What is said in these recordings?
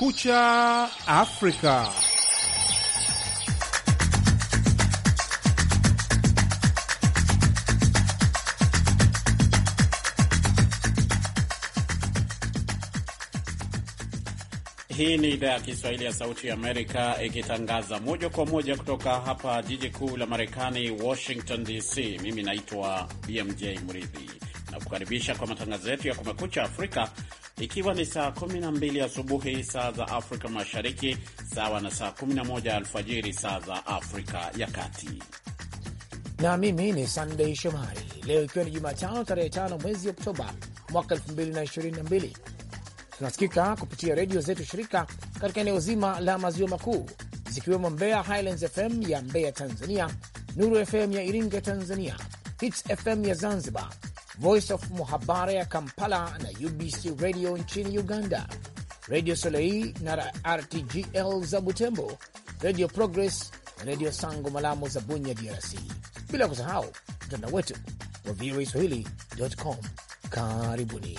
Kumekucha Afrika. Hii ni idhaa ya Kiswahili ya Sauti ya Amerika ikitangaza moja kwa moja kutoka hapa jiji kuu la Marekani, Washington DC. Mimi naitwa BMJ Mridhi na kukaribisha kwa matangazo yetu ya Kumekucha Afrika ikiwa ni saa 12 asubuhi saa za Afrika Mashariki, sawa na saa 11 alfajiri saa za Afrika ya Kati. Na mimi ni sandei Shomari. Leo ikiwa ni Jumatano tarehe 5 mwezi Oktoba mwaka 2022, tunasikika kupitia redio zetu shirika katika eneo zima la maziwa makuu zikiwemo Mbeya Highlands FM ya Mbeya Tanzania, Nuru FM ya Iringa Tanzania, Hits FM ya Zanzibar, Voice of Muhabara ya Kampala na UBC Radio nchini Uganda, Radio Soleil na RTGL za Butembo, Radio Progress na Radio Sango Malamu za Bunya, DRC, bila kusahau mtandao wetu wa VOA Swahili.com. Karibuni.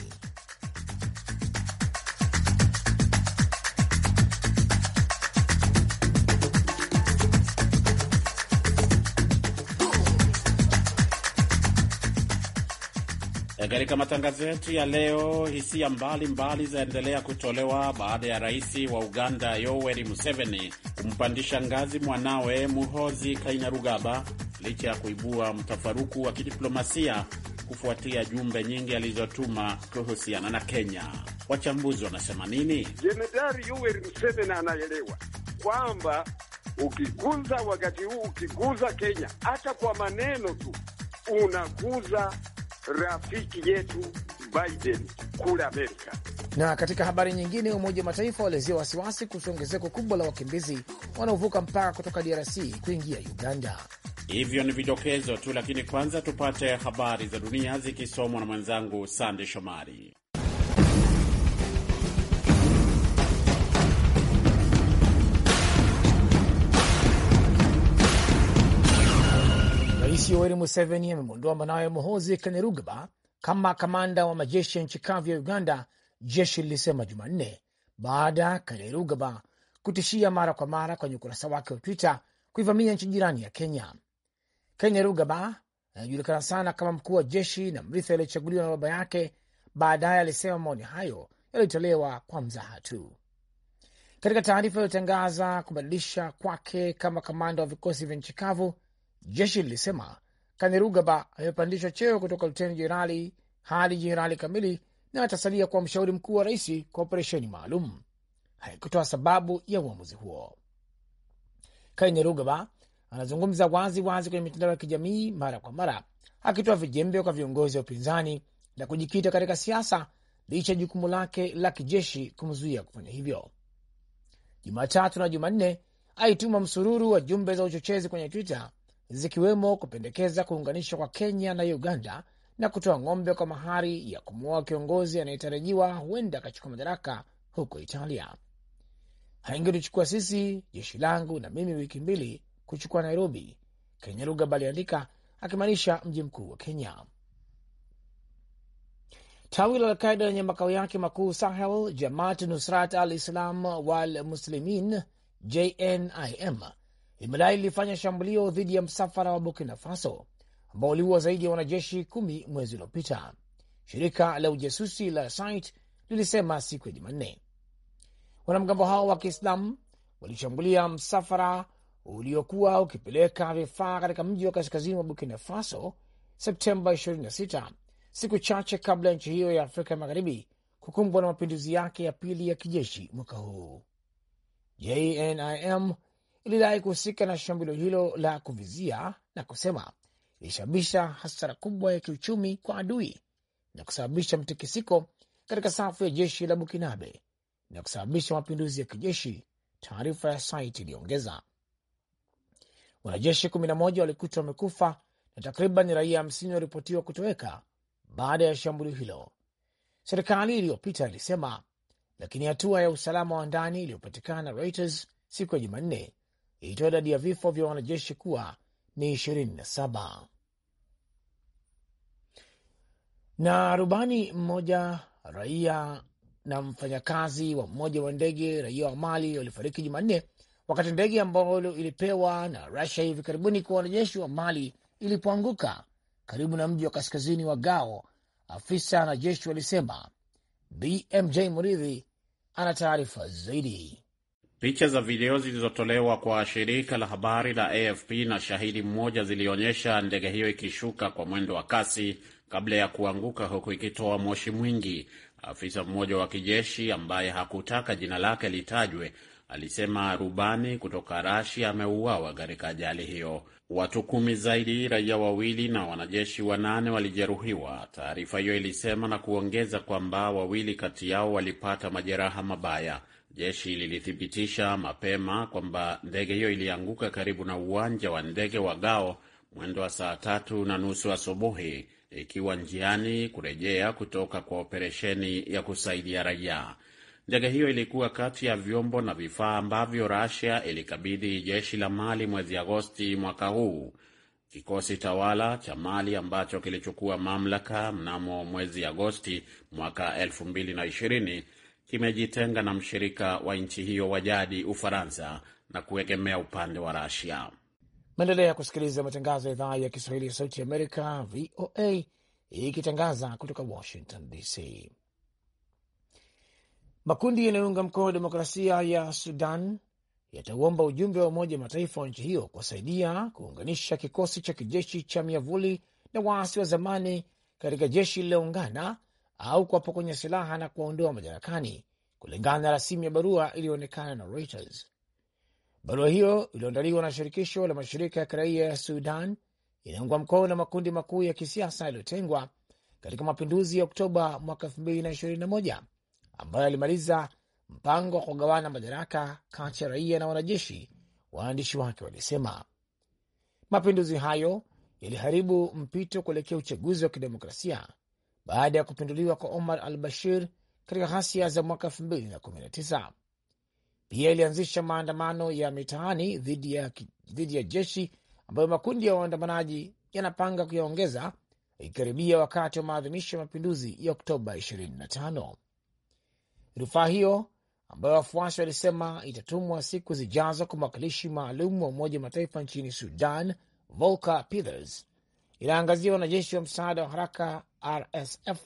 Eh, katika matangazo yetu ya leo, hisia mbalimbali zaendelea kutolewa baada ya rais wa Uganda Yoweri Museveni kumpandisha ngazi mwanawe Muhozi Kainerugaba licha ya kuibua mtafaruku wa kidiplomasia kufuatia jumbe nyingi alizotuma kuhusiana na Kenya. Wachambuzi wanasema nini? Jenerali Yoweri Museveni anaelewa kwamba ukikuza wakati huu, ukikuza Kenya hata kwa maneno tu unakuza rafiki yetu Biden kule Amerika. Na katika habari nyingine, Umoja wa Mataifa waelezea wasiwasi kuhusu ongezeko kubwa la wakimbizi wanaovuka mpaka kutoka DRC kuingia Uganda. Hivyo ni vidokezo tu, lakini kwanza tupate habari za dunia zikisomwa na mwenzangu Sande Shomari. Rais Yoweri Museveni amemwondoa mwanawe Muhozi Kainerugaba kama kamanda wa majeshi ya nchi kavu ya Uganda, jeshi lilisema Jumanne, baada ya Kainerugaba kutishia mara kwa mara kwenye ukurasa wake wa Twitter kuivamia nchi jirani ya Kenya. Kainerugaba anajulikana sana kama mkuu wa jeshi na mrithi aliyechaguliwa na baba yake. Baadaye alisema maoni hayo yalitolewa kwa mzaha tu. Katika taarifa iliyotangaza kubadilisha kwake kama kamanda wa vikosi vya nchi kavu, jeshi lilisema Kanerugaba amepandishwa cheo kutoka luteni jenerali hadi jenerali kamili na atasalia kuwa mshauri mkuu wa rais kwa operesheni maalum. Haikutoa sababu ya uamuzi huo. Kainerugaba anazungumza wazi wazi kwenye mitandao ya kijamii mara kwa mara, akitoa vijembe kwa viongozi wa upinzani na kujikita katika siasa licha ya jukumu lake la kijeshi kumzuia kufanya hivyo. Jumatatu na Jumanne aituma msururu wa jumbe za uchochezi kwenye Twitter zikiwemo kupendekeza kuunganishwa kwa Kenya na Uganda na kutoa ng'ombe kwa mahari ya kumwoa kiongozi anayetarajiwa huenda akachukua madaraka huko Italia. Haingelichukua sisi jeshi langu na mimi wiki mbili kuchukua Nairobi, kenya Kenyaruga aliandika, akimaanisha mji mkuu wa Kenya. Tawi la Alqaida lenye makao yake makuu Sahel, Jamaat Nusrat al Islam wal Muslimin, JNIM, Imedai lilifanya shambulio dhidi ya msafara wa Burkina Faso ambao uliua zaidi ya wanajeshi kumi mwezi uliopita, shirika la ujasusi la SITE lilisema siku ya Jumanne. Wanamgambo hao wa Kiislamu walishambulia msafara uliokuwa ukipeleka vifaa katika mji wa kaskazini wa Burkina Faso Septemba 26, siku chache kabla ya nchi hiyo ya Afrika Magharibi kukumbwa na mapinduzi yake ya pili ya kijeshi mwaka huu. JNIM ilidai kuhusika na shambulio hilo la kuvizia na kusema ilisababisha hasara kubwa ya kiuchumi kwa adui na kusababisha mtikisiko katika safu ya jeshi la Bukinabe na kusababisha mapinduzi ya kijeshi, taarifa ya site iliongeza. Wanajeshi 11 walikutwa wamekufa na takriban raia 50 waliripotiwa kutoweka baada ya shambulio hilo, serikali iliyopita ilisema, lakini hatua ya usalama wa ndani iliyopatikana Reuters siku ya Jumanne ilitoa idadi ya vifo vya wanajeshi kuwa ni 27. Na rubani mmoja raia na mfanyakazi wa mmoja wa ndege raia wa Mali walifariki Jumanne wakati ndege ambayo ilipewa na Rusia hivi karibuni kwa wanajeshi wa Mali ilipoanguka karibu na mji wa kaskazini wa Gao. Afisa na jeshi walisema. BMJ Muridhi ana taarifa zaidi. Picha za video zilizotolewa kwa shirika la habari la AFP na shahidi mmoja zilionyesha ndege hiyo ikishuka kwa mwendo wa kasi kabla ya kuanguka huku ikitoa moshi mwingi. Afisa mmoja wa kijeshi ambaye hakutaka jina lake litajwe alisema rubani kutoka Rasia ameuawa katika ajali hiyo. Watu kumi zaidi, raia wawili na wanajeshi wanane walijeruhiwa, taarifa hiyo ilisema na kuongeza kwamba wawili kati yao walipata majeraha mabaya. Jeshi lilithibitisha mapema kwamba ndege hiyo ilianguka karibu na uwanja wa ndege wa Gao mwendo wa saa tatu na nusu asubuhi ikiwa njiani kurejea kutoka kwa operesheni ya kusaidia raia. Ndege hiyo ilikuwa kati ya vyombo na vifaa ambavyo Russia ilikabidhi jeshi la Mali mwezi Agosti mwaka huu. Kikosi tawala cha Mali ambacho kilichukua mamlaka mnamo mwezi Agosti mwaka 2020 kimejitenga na mshirika wa nchi hiyo wa jadi Ufaransa na kuegemea upande wa Rasia. Maendelea kusikiliza matangazo ya idhaa ya Kiswahili ya Sauti ya Amerika, VOA, ikitangaza kutoka Washington DC. Makundi yanayounga mkono demokrasia ya Sudan yatauomba ujumbe wa Umoja wa Mataifa wa nchi hiyo kuwasaidia kuunganisha kikosi cha kijeshi cha miavuli na waasi wa zamani katika jeshi lililoungana au kuwapokonya silaha na kuwaondoa madarakani, kulingana na rasimu ya barua iliyoonekana na Reuters. Barua hiyo iliyoandaliwa na shirikisho la mashirika ya kiraia ya Sudan inaungwa mkono na makundi makuu ya kisiasa yaliyotengwa katika mapinduzi ya Oktoba mwaka 2021 ambayo alimaliza mpango wa kugawana madaraka kati ya raia na wanajeshi, waandishi wake walisema. Mapinduzi hayo yaliharibu mpito kuelekea uchaguzi wa kidemokrasia baada ya kupinduliwa kwa Omar al Bashir katika ghasia za mwaka 2019. Pia ilianzisha maandamano ya mitaani dhidi ya, jeshi ambayo makundi ya waandamanaji yanapanga kuyaongeza ikikaribia wakati wa maadhimisho ya mapinduzi ya Oktoba 25. Rufaa hiyo ambayo wafuasi walisema itatumwa siku zijazo kwa mwakilishi maalum wa Umoja Mataifa nchini Sudan, Volker Peters, inaangazia wanajeshi wa msaada wa haraka RSF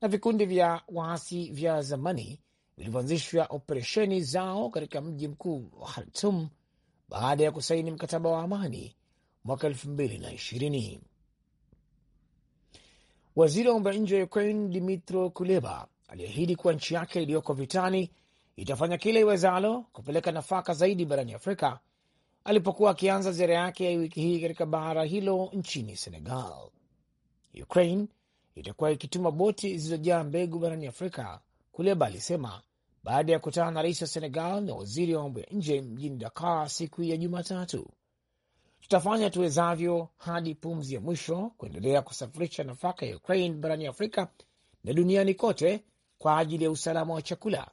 na vikundi vya waasi vya zamani vilivyoanzishwa operesheni zao katika mji mkuu wa Khartum baada ya kusaini mkataba wa amani mwaka elfu mbili na ishirini. Waziri wa mambo ya nje wa Ukraine Dmitro Kuleba aliahidi kuwa nchi yake iliyoko vitani itafanya kila iwezalo kupeleka nafaka zaidi barani Afrika alipokuwa akianza ziara yake ya wiki hii katika bara hilo nchini Senegal. Ukraine itakuwa ikituma boti zilizojaa mbegu barani Afrika, Kuleba alisema baada ya kukutana na rais wa Senegal na waziri wa mambo ya nje mjini Dakar siku ya Jumatatu. Tutafanya tuwezavyo hadi pumzi ya mwisho kuendelea kusafirisha nafaka ya Ukraine barani Afrika na duniani kote kwa ajili ya usalama wa chakula,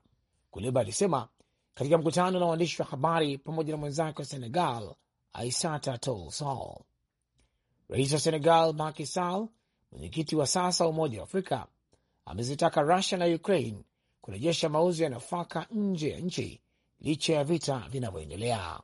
Kuleba alisema katika mkutano na waandishi wa habari pamoja na mwenzake wa Senegal Aissata Tall Sall. Rais wa Senegal Macky Sall, mwenyekiti wa sasa wa Umoja wa Afrika, amezitaka Rusia na Ukraine kurejesha mauzo ya nafaka nje ya nchi licha ya vita vinavyoendelea.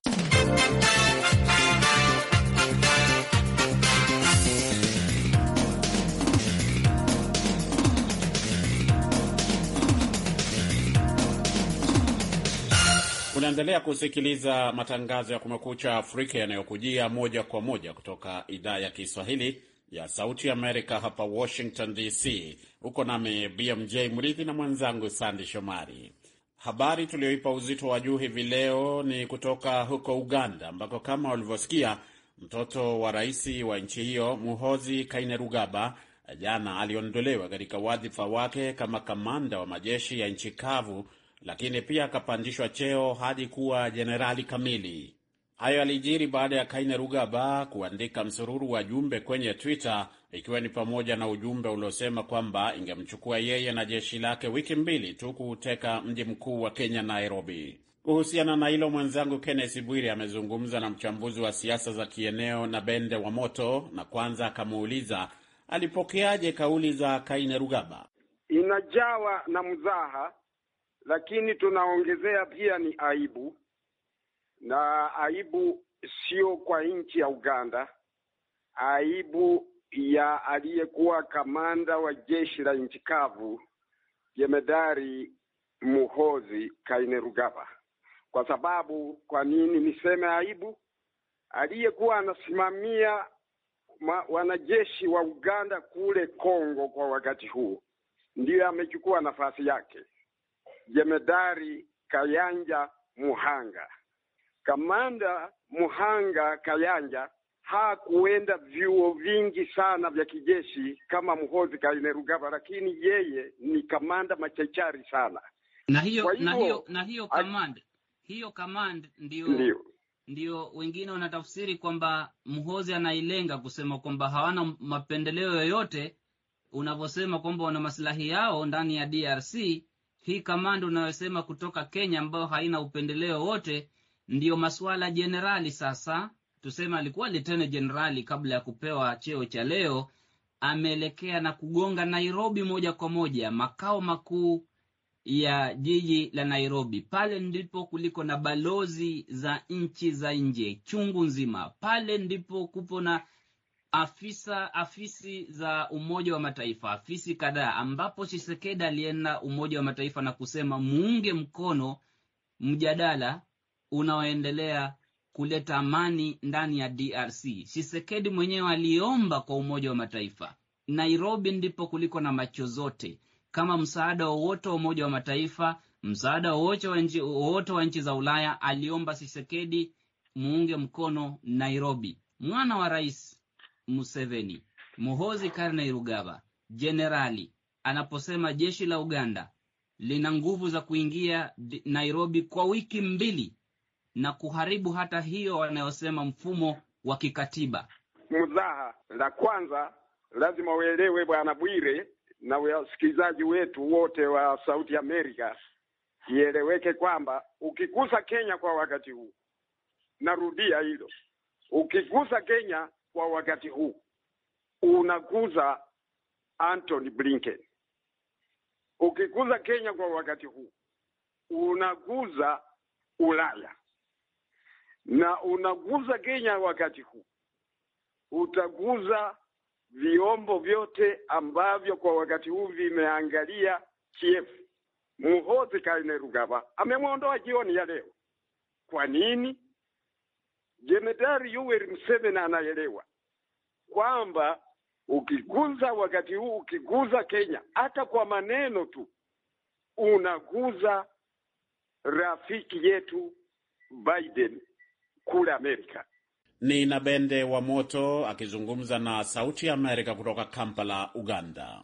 Unaendelea kusikiliza matangazo ya Kumekucha Afrika yanayokujia moja kwa moja kutoka idhaa ya Kiswahili ya Sauti Amerika hapa Washington DC. Huko nami BMJ Mridhi na mwenzangu Sandi Shomari. Habari tuliyoipa uzito wa juu hivi leo ni kutoka huko Uganda, ambako kama ulivyosikia mtoto wa rais wa nchi hiyo Muhozi Kainerugaba jana aliondolewa katika wadhifa wake kama kamanda wa majeshi ya nchi kavu lakini pia akapandishwa cheo hadi kuwa jenerali kamili. Hayo alijiri baada ya Kainerugaba kuandika msururu wa jumbe kwenye Twitter, ikiwa ni pamoja na ujumbe uliosema kwamba ingemchukua yeye na jeshi lake wiki mbili tu kuuteka mji mkuu wa Kenya, Nairobi. Kuhusiana na hilo, mwenzangu Kennes bwiri amezungumza na mchambuzi wa siasa za kieneo na Bende wa Moto, na kwanza akamuuliza alipokeaje kauli za Kainerugaba. Inajawa na mzaha lakini tunaongezea pia ni aibu, na aibu sio kwa nchi ya Uganda, aibu ya aliyekuwa kamanda wa jeshi la nchi kavu jemedari Muhozi Kainerugaba. Kwa sababu, kwa nini niseme aibu? Aliyekuwa anasimamia wanajeshi wa Uganda kule Kongo kwa wakati huu ndiyo amechukua nafasi yake. Jemedari Kayanja Muhanga. Kamanda Muhanga Kayanja hakuenda vyuo vingi sana vya kijeshi kama Muhozi Kainerugaba, lakini yeye ni kamanda machachari sana. Na hiyo hiyo, na hiyo na hiyo command hiyo command ndio, ndio ndio wengine wanatafsiri kwamba mhozi anailenga kusema kwamba hawana mapendeleo yoyote, unavyosema kwamba wana maslahi yao ndani ya DRC hii kamando unayosema kutoka Kenya ambayo haina upendeleo wote, ndiyo masuala jenerali. Sasa tuseme alikuwa litene jenerali kabla ya kupewa cheo cha leo, ameelekea na kugonga Nairobi moja kwa moja, makao makuu ya jiji la Nairobi. Pale ndipo kuliko na balozi za nchi za nje chungu nzima, pale ndipo kupo na afisa afisi za Umoja wa Mataifa, afisi kadhaa, ambapo Chisekedi alienda Umoja wa Mataifa na kusema muunge mkono mjadala unaoendelea kuleta amani ndani ya DRC. Chisekedi mwenyewe aliomba kwa Umoja wa Mataifa. Nairobi ndipo kuliko na macho zote, kama msaada wowote wa Umoja wa Mataifa, msaada wowote wa nchi za Ulaya. Aliomba Chisekedi muunge mkono Nairobi. Mwana wa rais Museveni, Muhoozi Kainerugaba, jenerali anaposema jeshi la Uganda lina nguvu za kuingia Nairobi kwa wiki mbili na kuharibu hata hiyo wanayosema mfumo wa kikatiba. Mzaha, la kwanza lazima uelewe Bwana Bwire na wasikilizaji wetu wote wa Sauti Amerika, ieleweke kwamba ukigusa Kenya kwa wakati huu, narudia hilo, ukigusa Kenya kwa wakati huu unakuza Anthony Blinken. Ukikuza Kenya kwa wakati huu unakuza Ulaya, na unakuza Kenya wakati huu utakuza vyombo vyote ambavyo kwa wakati huu vimeangalia Kiev. Muhozi Kainerugaba amemwondoa jioni ya leo. Kwa nini? Jemedari Yoweri Museveni anaelewa kwamba ukiguza wakati huu, ukiguza Kenya hata kwa maneno tu, unaguza rafiki yetu Biden kule Amerika. Ni Nabende wa Moto akizungumza na Sauti ya Amerika kutoka Kampala, Uganda.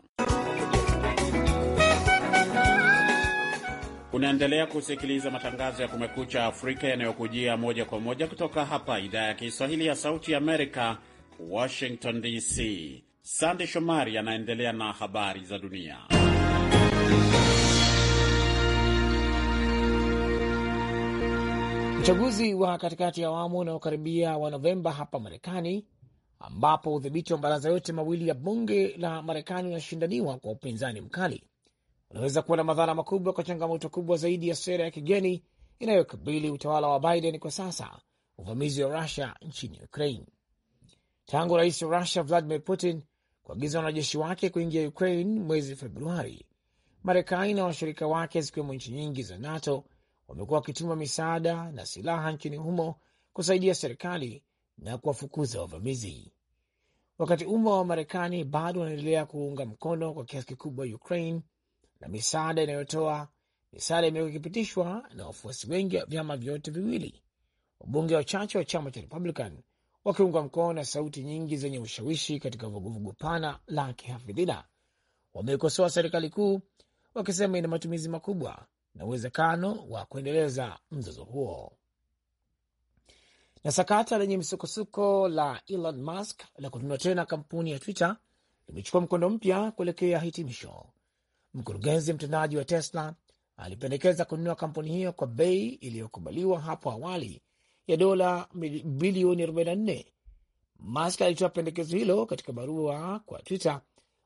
Unaendelea kusikiliza matangazo ya Kumekucha Afrika yanayokujia moja kwa moja kutoka hapa idhaa ya Kiswahili ya Sauti ya Amerika, Washington DC. Sande Shomari anaendelea na habari za dunia. Uchaguzi wa katikati ya awamu unaokaribia wa Novemba hapa Marekani, ambapo udhibiti wa mabaraza yote mawili ya bunge la Marekani unashindaniwa kwa upinzani mkali unaweza kuwa na madhara makubwa kwa changamoto kubwa zaidi ya sera ya kigeni inayokabili utawala wa Biden kwa sasa, uvamizi wa Rusia nchini Ukraine. Tangu rais wa Rusia Vladimir Putin kuagiza wanajeshi wake kuingia Ukraine mwezi Februari, Marekani na washirika wake zikiwemo nchi nyingi za NATO wamekuwa wakituma misaada na silaha nchini humo kusaidia serikali na kuwafukuza wavamizi. Wakati umma wa Marekani bado wanaendelea kuunga mkono kwa kiasi kikubwa Ukraine, na misaada inayotoa. Misaada imekuwa ikipitishwa na wafuasi wengi wa vyama vyote viwili, wabunge wachache wa chama cha Republican wakiungwa mkono na sauti nyingi zenye ushawishi katika vuguvugu pana la kihafidhina. Wameikosoa serikali kuu wakisema ina matumizi makubwa na uwezekano wa kuendeleza mzozo huo. Na sakata lenye msukosuko la Elon Musk la kununua tena kampuni ya Twitter limechukua mkondo mpya kuelekea hitimisho. Mkurugenzi mtendaji wa Tesla alipendekeza kununua kampuni hiyo kwa bei iliyokubaliwa hapo awali ya dola bilioni 44. Musk alitoa pendekezo hilo katika barua kwa Twitter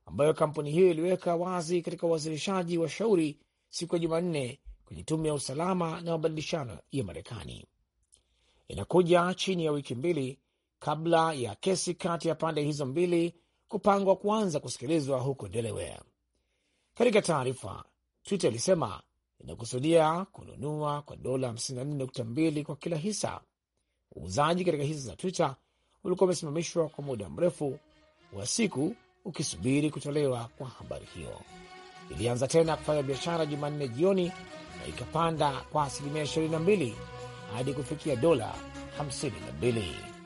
ambayo kampuni hiyo iliweka wazi katika uwasilishaji wa shauri siku ya Jumanne kwenye tume ya usalama na mabadilishano ya Marekani. Inakuja chini ya wiki mbili kabla ya kesi kati ya pande hizo mbili kupangwa kuanza kusikilizwa huko Delaware. Katika taarifa, Twitter ilisema inakusudia kununua kwa dola 54.2 kwa kila hisa. Uuzaji katika hisa za Twitter ulikuwa umesimamishwa kwa muda mrefu wa siku ukisubiri kutolewa kwa habari hiyo. Ilianza tena kufanya biashara Jumanne jioni na ikapanda kwa asilimia 22 hadi kufikia dola 52.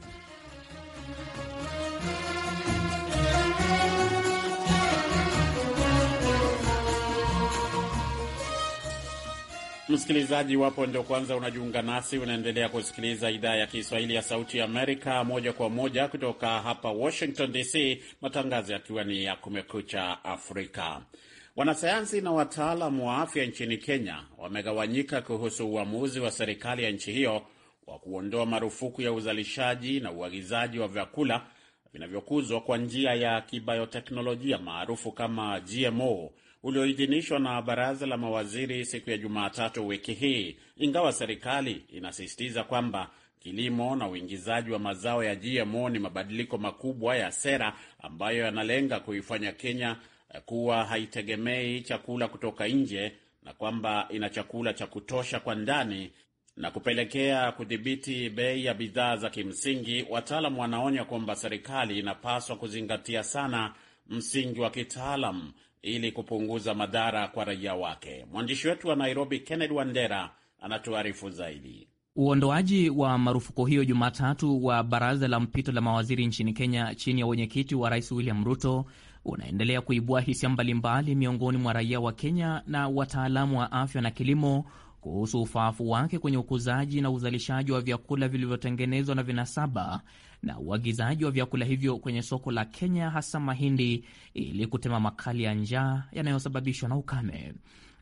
Msikilizaji, wapo ndio kwanza unajiunga nasi, unaendelea kusikiliza idhaa ya Kiswahili ya Sauti ya Amerika moja kwa moja kutoka hapa Washington DC, matangazo yakiwa ni ya Kumekucha Afrika. Wanasayansi na wataalamu wa afya nchini Kenya wamegawanyika kuhusu uamuzi wa serikali ya nchi hiyo wa kuondoa marufuku ya uzalishaji na uagizaji wa vyakula vinavyokuzwa kwa njia ya kibayoteknolojia maarufu kama GMO ulioidhinishwa na baraza la mawaziri siku ya Jumatatu wiki hii, ingawa serikali inasisitiza kwamba kilimo na uingizaji wa mazao ya GMO ni mabadiliko makubwa ya sera ambayo yanalenga kuifanya Kenya eh, kuwa haitegemei chakula kutoka nje na kwamba ina chakula cha kutosha kwa ndani na kupelekea kudhibiti bei ya bidhaa za kimsingi. Wataalamu wanaonya kwamba serikali inapaswa kuzingatia sana msingi wa kitaalam ili kupunguza madhara kwa raia wake. Mwandishi wetu wa Nairobi, Kennedy Wandera, anatuarifu zaidi. Uondoaji wa marufuku hiyo Jumatatu wa baraza la mpito la mawaziri nchini Kenya chini ya wenyekiti wa Rais William Ruto unaendelea kuibua hisia mbalimbali miongoni mwa raia wa Kenya na wataalamu wa afya na kilimo kuhusu ufaafu wake kwenye ukuzaji na uzalishaji wa vyakula vilivyotengenezwa na vinasaba na uagizaji wa vyakula hivyo kwenye soko la Kenya, hasa mahindi, ili kutema makali ya njaa yanayosababishwa na ukame.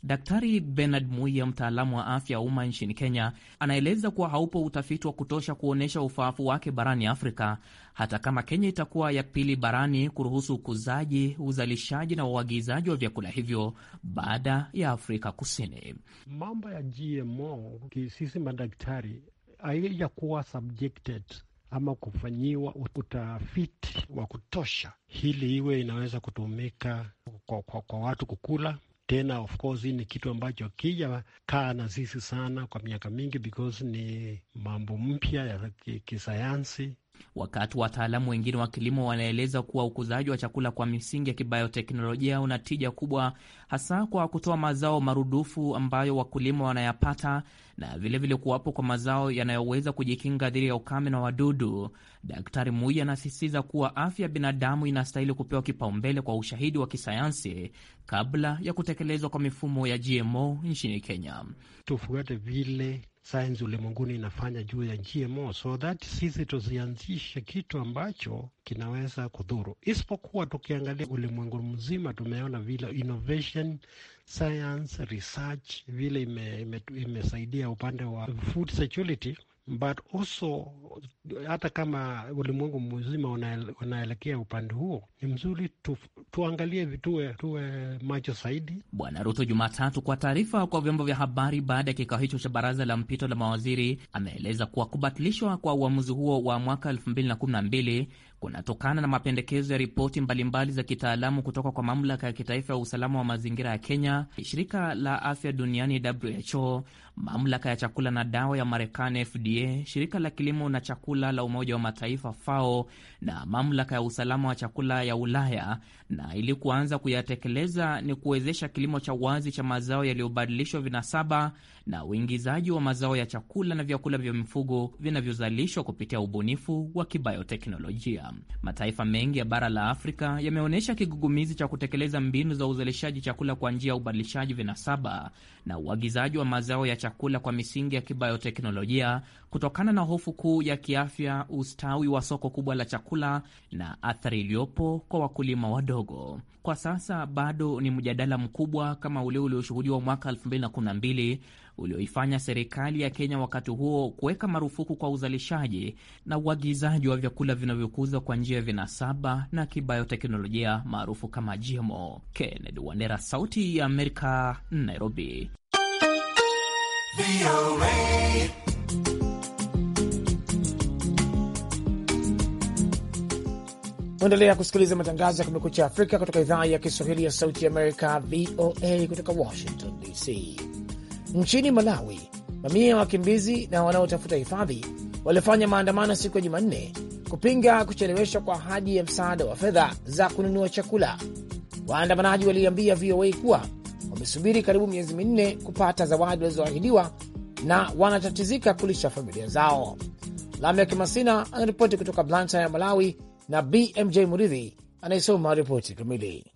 Daktari Bernard Muya, mtaalamu wa afya ya umma nchini Kenya, anaeleza kuwa haupo utafiti wa kutosha kuonyesha ufaafu wake barani Afrika, hata kama Kenya itakuwa ya pili barani kuruhusu ukuzaji, uzalishaji na uagizaji wa vyakula hivyo baada ya Afrika Kusini. Mambo ya GMO sisi madaktari haijakuwa subjected ama kufanyiwa utafiti wa kutosha, hili iwe inaweza kutumika kwa, kwa, kwa watu kukula tena. Of course ni kitu ambacho kija kaa na sisi sana kwa miaka mingi, because ni mambo mpya ya kisayansi wakati wataalamu wengine wa kilimo wanaeleza kuwa ukuzaji wa chakula kwa misingi ya kibayoteknolojia una tija kubwa, hasa kwa kutoa mazao marudufu ambayo wakulima wanayapata na vilevile vile kuwapo kwa mazao yanayoweza kujikinga dhidi ya ukame na wadudu. Daktari Mui anasisitiza kuwa afya ya binadamu inastahili kupewa kipaumbele kwa ushahidi wa kisayansi kabla ya kutekelezwa kwa mifumo ya GMO nchini Kenya. Tufuate vile sayansi ulimwenguni inafanya juu ya GMO, so that sisi tuzianzishe kitu ambacho kinaweza kudhuru, isipokuwa tukiangalia ulimwengu mzima. Tumeona vile innovation science research vile imesaidia ime, ime upande wa food security but also hata kama ulimwengu mzima unaelekea upande huo, ni mzuri tuangalie vituwe tuwe macho zaidi. Bwana Ruto Jumatatu, kwa taarifa kwa vyombo vya habari baada ya kikao hicho cha baraza la mpito la mawaziri, ameeleza kuwa kubatilishwa kwa uamuzi huo wa mwaka 2012 kunatokana na mapendekezo ya ripoti mbalimbali za kitaalamu kutoka kwa mamlaka ya kitaifa ya usalama wa mazingira ya Kenya, shirika la afya duniani WHO, mamlaka ya chakula na dawa ya Marekani FDA, shirika la kilimo na chakula la Umoja wa Mataifa FAO na mamlaka ya usalama wa chakula ya Ulaya na ili kuanza kuyatekeleza ni kuwezesha kilimo cha wazi cha mazao yaliyobadilishwa vinasaba na uingizaji wa mazao ya chakula na vyakula vya mifugo vinavyozalishwa kupitia ubunifu wa kibayoteknolojia. Mataifa mengi ya bara la Afrika yameonyesha kigugumizi cha kutekeleza mbinu za uzalishaji chakula kwa njia ya ubadilishaji vinasaba na uagizaji wa mazao ya chakula kwa misingi ya kibayoteknolojia kutokana na hofu kuu ya kiafya, ustawi wa soko kubwa la chakula na athari iliyopo kwa wakulima wadogo. Kwa sasa bado ni mjadala mkubwa kama ule ulioshuhudiwa mwaka 2012 ulioifanya serikali ya Kenya wakati huo kuweka marufuku kwa uzalishaji na uagizaji wa vyakula vinavyokuzwa kwa njia ya vinasaba na kibayoteknolojia maarufu kama GMO. Kennedy Wandera, Sauti ya Amerika, Nairobi. Unaendelea kusikiliza matangazo ya Kumekucha Afrika kutoka idhaa ya Kiswahili ya Sauti ya Amerika, VOA, kutoka Washington DC. Nchini Malawi, mamia ya wakimbizi na wanaotafuta hifadhi walifanya maandamano siku ya Jumanne kupinga kucheleweshwa kwa ahadi ya msaada wa fedha za kununua chakula. Waandamanaji waliambia VOA kuwa wamesubiri karibu miezi minne kupata zawadi walizoahidiwa na wanatatizika kulisha familia zao. Lamek Masina anaripoti kutoka Blantyre ya Malawi na BMJ Muridhi anayesoma ripoti kamili.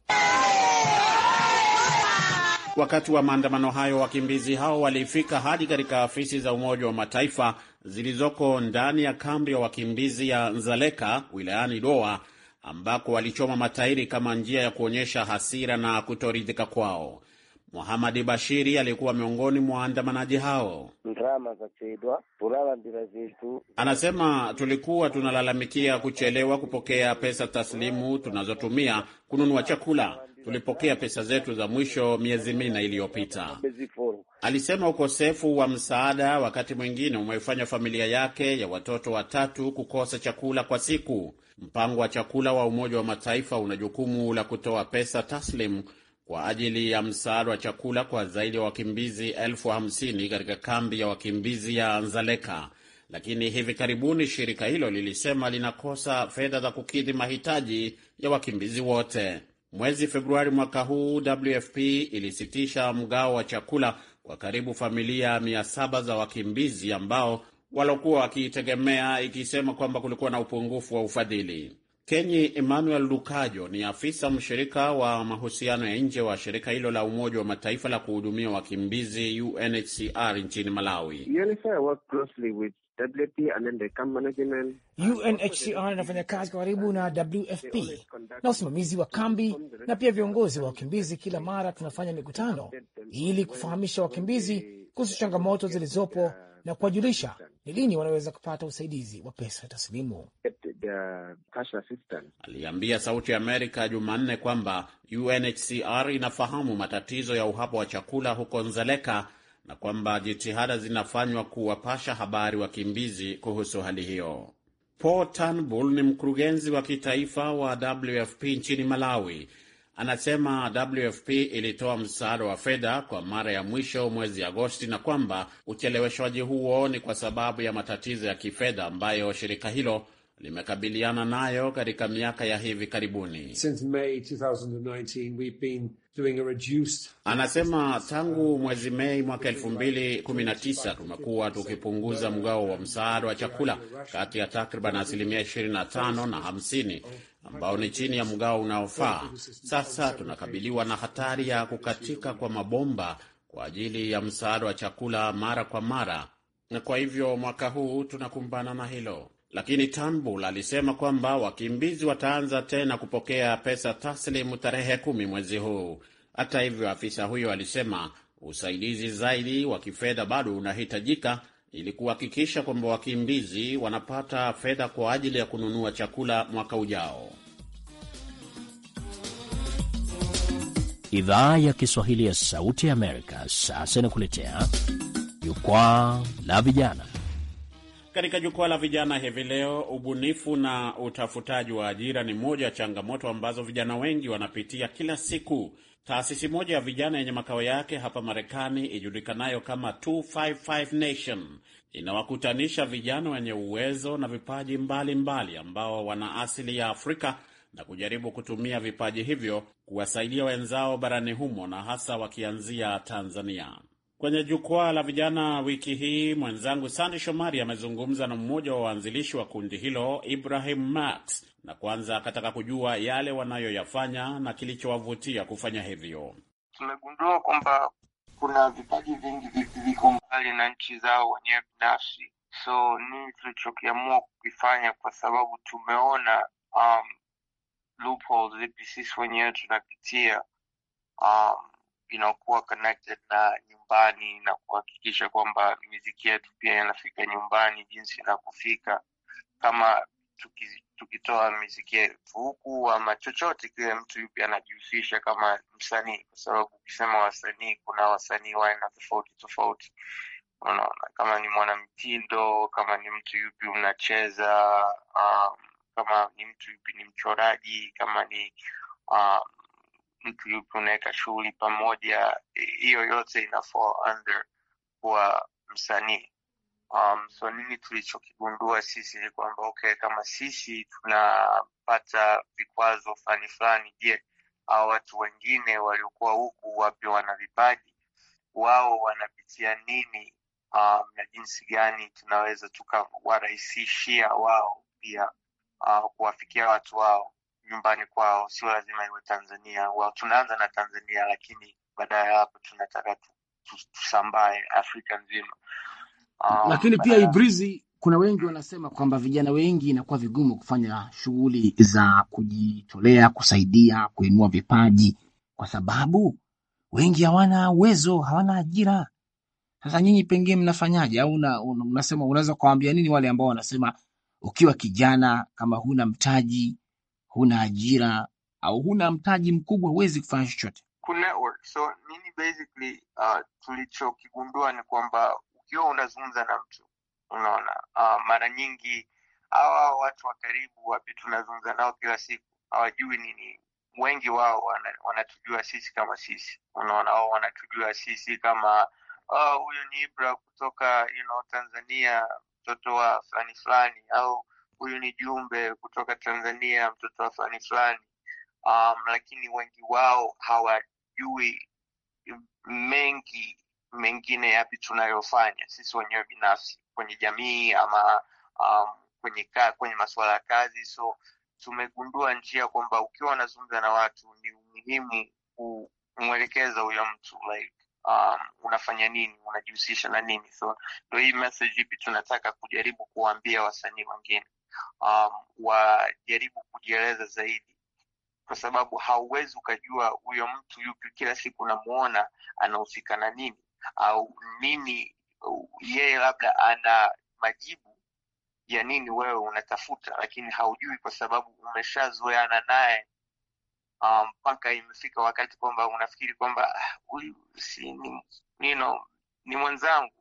Wakati wa maandamano hayo, wakimbizi hao walifika hadi katika afisi za Umoja wa Mataifa zilizoko ndani ya kambi ya wakimbizi ya Nzaleka wilayani Doa, ambako walichoma matairi kama njia ya kuonyesha hasira na kutoridhika kwao. Muhamadi Bashiri alikuwa miongoni mwa waandamanaji hao. Anasema, tulikuwa tunalalamikia kuchelewa kupokea pesa taslimu tunazotumia kununua chakula tulipokea pesa zetu za mwisho miezi minne iliyopita. Alisema ukosefu wa msaada wakati mwingine umefanya familia yake ya watoto watatu kukosa chakula kwa siku. Mpango wa chakula wa Umoja wa Mataifa una jukumu la kutoa pesa taslim kwa ajili ya msaada wa chakula kwa zaidi ya wakimbizi elfu hamsini katika kambi ya wakimbizi ya Nzaleka, lakini hivi karibuni shirika hilo lilisema linakosa fedha za kukidhi mahitaji ya wakimbizi wote. Mwezi Februari mwaka huu WFP ilisitisha mgao wa chakula kwa karibu familia 700 za wakimbizi ambao walokuwa wakiitegemea, ikisema kwamba kulikuwa na upungufu wa ufadhili. Kenyi Emmanuel Lukajo ni afisa mshirika wa mahusiano ya nje wa shirika hilo la Umoja wa Mataifa la kuhudumia wakimbizi UNHCR nchini Malawi. UNHCR work closely with Stability and Management. UNHCR inafanya kazi kwa karibu na WFP na usimamizi wa kambi na pia viongozi wa wakimbizi. Kila mara tunafanya mikutano ili kufahamisha wakimbizi kuhusu changamoto zilizopo na kuwajulisha ni lini wanaweza kupata usaidizi wa pesa ya taslimu. Aliambia Sauti ya Amerika Jumanne kwamba UNHCR inafahamu matatizo ya uhaba wa chakula huko nzeleka na kwamba jitihada zinafanywa kuwapasha habari wakimbizi kuhusu hali hiyo. Paul Turnbull ni mkurugenzi wa kitaifa wa WFP nchini Malawi. Anasema WFP ilitoa msaada wa fedha kwa mara ya mwisho mwezi Agosti na kwamba ucheleweshwaji huo ni kwa sababu ya matatizo ya kifedha ambayo shirika hilo limekabiliana nayo katika miaka ya hivi karibuni. Since May 2019, we've been doing a reduced... Anasema tangu mwezi Mei mwaka 2019 tumekuwa tukipunguza mgao wa msaada wa chakula kati ya takriban asilimia 25 na 50 ambao ni chini ya mgao unaofaa. Sasa tunakabiliwa na hatari ya kukatika kwa mabomba kwa ajili ya msaada wa chakula mara kwa mara, na kwa hivyo mwaka huu tunakumbana na hilo lakini Tambul alisema kwamba wakimbizi wataanza tena kupokea pesa taslimu tarehe kumi mwezi huu. Hata hivyo, afisa huyo alisema usaidizi zaidi wa kifedha bado unahitajika ili kuhakikisha kwamba wakimbizi wanapata fedha kwa ajili ya kununua chakula mwaka ujao. Idhaa ya Kiswahili ya Sauti ya Amerika sasa inakuletea jukwaa la vijana katika jukwaa la vijana hivi leo, ubunifu na utafutaji wa ajira ni moja ya changamoto ambazo vijana wengi wanapitia kila siku. Taasisi moja ya vijana yenye makao yake hapa Marekani ijulikanayo kama 255 Nation inawakutanisha vijana wenye uwezo na vipaji mbalimbali mbali ambao wana asili ya Afrika na kujaribu kutumia vipaji hivyo kuwasaidia wenzao barani humo na hasa wakianzia Tanzania. Kwenye jukwaa la vijana wiki hii, mwenzangu Sande Shomari amezungumza na mmoja wa waanzilishi wa kundi hilo Ibrahim Max, na kwanza akataka kujua yale wanayoyafanya na kilichowavutia kufanya hivyo. Tumegundua kwamba kuna vipaji vingi viko mbali na nchi zao wenyewe binafsi, so nini tulichokiamua kukifanya, kwa sababu tumeona um, loopholes zipi sisi wenyewe tunapitia um, inakuwa connected na nyumbani na kuhakikisha kwamba miziki yetu pia inafika nyumbani jinsi na kufika kama tuki, tukitoa miziki yetu huku ama chochote kile, mtu yupi anajihusisha kama msanii, kwa sababu ukisema wasanii, kuna wasanii wa aina tofauti tofauti. Unaona, kama ni mwanamtindo, kama ni mtu yupi unacheza, um, kama ni mtu yupi ni mchoraji, kama ni um, mtu unaweka shughuli pamoja, hiyo yote ina under kuwa msanii. Um, so nini tulichokigundua sisi ni kwamba okay, kama sisi tunapata vikwazo fulani fulani, je, au watu wengine waliokuwa huku wapi wana vipaji wao wanapitia nini? Um, na jinsi gani tunaweza tukawarahisishia wao pia uh, kuwafikia watu wao nyumbani kwao, sio lazima iwe Tanzania. Well, tunaanza na Tanzania, lakini baada ya hapo tunataka tusambae Afrika nzima. Um, lakini pia ibrizi, kuna wengi wanasema kwamba vijana wengi inakuwa vigumu kufanya shughuli za kujitolea, kusaidia, kuinua vipaji kwa sababu wengi hawana uwezo, hawana ajira. Sasa nyinyi pengine mnafanyaje? Au unasema unaweza kuwaambia nini wale ambao wanasema ukiwa kijana kama huna mtaji huna ajira au huna mtaji mkubwa, huwezi kufanya chochote So mimi basically uh, tulichokigundua ni kwamba ukiwa unazungumza na mtu unaona, uh, mara nyingi hawa watu wa karibu wapi tunazungumza nao kila siku hawajui nini. Wengi wao wana, wanatujua sisi kama sisi, unaona, wao wanatujua sisi kama oh, huyu uh, ni Ibra kutoka you know, Tanzania, mtoto wa fulani fulani au huyu ni Jumbe kutoka Tanzania, mtoto wa fulani fulani. Um, lakini wengi wao hawajui mengi mengine yapi tunayofanya sisi wenyewe binafsi kwenye jamii ama um, kwenye, ka, kwenye masuala ya kazi. So tumegundua njia kwamba ukiwa wanazungumza na watu ni umuhimu kumwelekeza huyo mtu like, um, unafanya nini, unajihusisha na nini. So ndo hii message ipi tunataka kujaribu kuwaambia wasanii wengine um, wajaribu kujieleza zaidi, kwa sababu hauwezi ukajua huyo mtu yupi kila siku unamuona anahusika na nini au nini. Yeye labda ana majibu ya nini wewe unatafuta, lakini haujui kwa sababu umeshazoeana naye um, mpaka um, imefika wakati kwamba unafikiri kwamba ah, huyu si ni, you know, ni mwenzangu.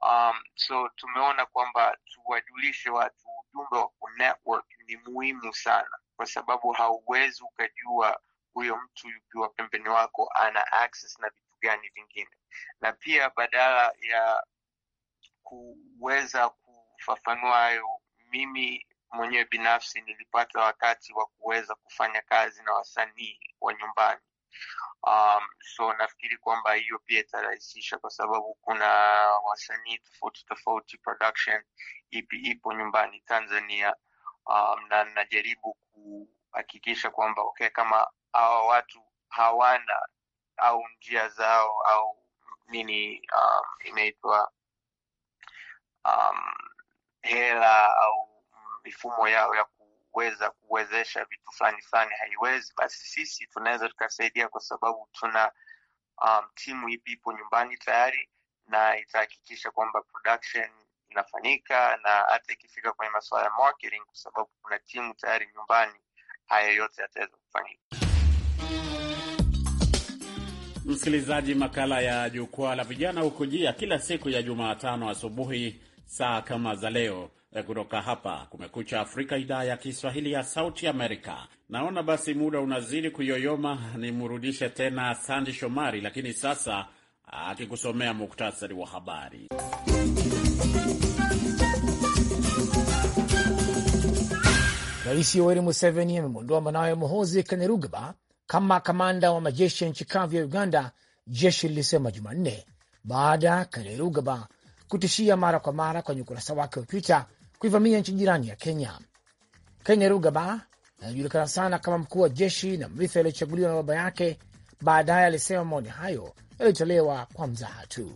Um, so tumeona kwamba tuwajulishe watu ujumbe wa kunetwork ni muhimu sana, kwa sababu hauwezi ukajua huyo mtu yukiwa pembeni wako ana access na vitu gani vingine, na pia badala ya kuweza kufafanua hayo, mimi mwenyewe binafsi nilipata wakati wa kuweza kufanya kazi na wasanii wa nyumbani Um, so nafikiri kwamba hiyo pia itarahisisha kwa sababu kuna wasanii tofauti tofauti production ipi ipo nyumbani Tanzania. Um, na najaribu kuhakikisha kwamba okay, kama hawa watu hawana au njia zao au nini, um, imeitwa um, hela au mifumo yao ya kuweza kuwezesha vitu fulani fulani haiwezi, basi sisi tunaweza tukasaidia, kwa sababu tuna um, timu ipi ipo nyumbani tayari na itahakikisha kwamba production inafanyika, na hata ikifika kwenye masuala ya marketing, kwa sababu kuna timu tayari nyumbani, haya yote yataweza kufanyika. Msikilizaji, makala ya Jukwaa la Vijana hukujia kila siku ya Jumatano asubuhi saa kama za leo Eh, kutoka hapa Kumekucha Afrika, idhaa ya Kiswahili ya Sauti Amerika. Naona basi muda unazidi kuyoyoma, nimrudishe tena Sandi Shomari, lakini sasa akikusomea muktasari wa habari. Rais Yoweri Museveni amemwondoa mwanawe mohozi kanerugaba kama kamanda wa majeshi ya nchi kavu ya Uganda, jeshi lilisema Jumanne, baada ya kutishia mara kwa mara kwenye ukurasa wake wa Twitter kuivamia nchi jirani ya Kenya. rugaba anajulikana sana kama mkuu wa jeshi na mrithi aliyechaguliwa na baba yake. Baadaye alisema maoni hayo yalitolewa kwa mzaha tu.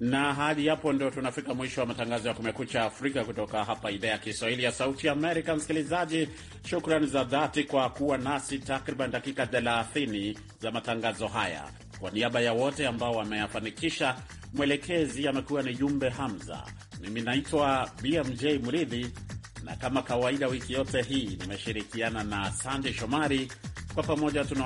Na hadi hapo ndo tunafika mwisho wa matangazo ya Kumekucha Afrika kutoka hapa idhaa ya Kiswahili ya Sauti Amerika. Msikilizaji, shukrani za dhati kwa kuwa nasi takriban dakika 30 za matangazo haya. Kwa niaba ya wote ambao wameyafanikisha, mwelekezi amekuwa ni Jumbe Hamza. Mimi naitwa BMJ Mridhi, na kama kawaida, wiki yote hii nimeshirikiana na Sande Shomari. Kwa pamoja tuna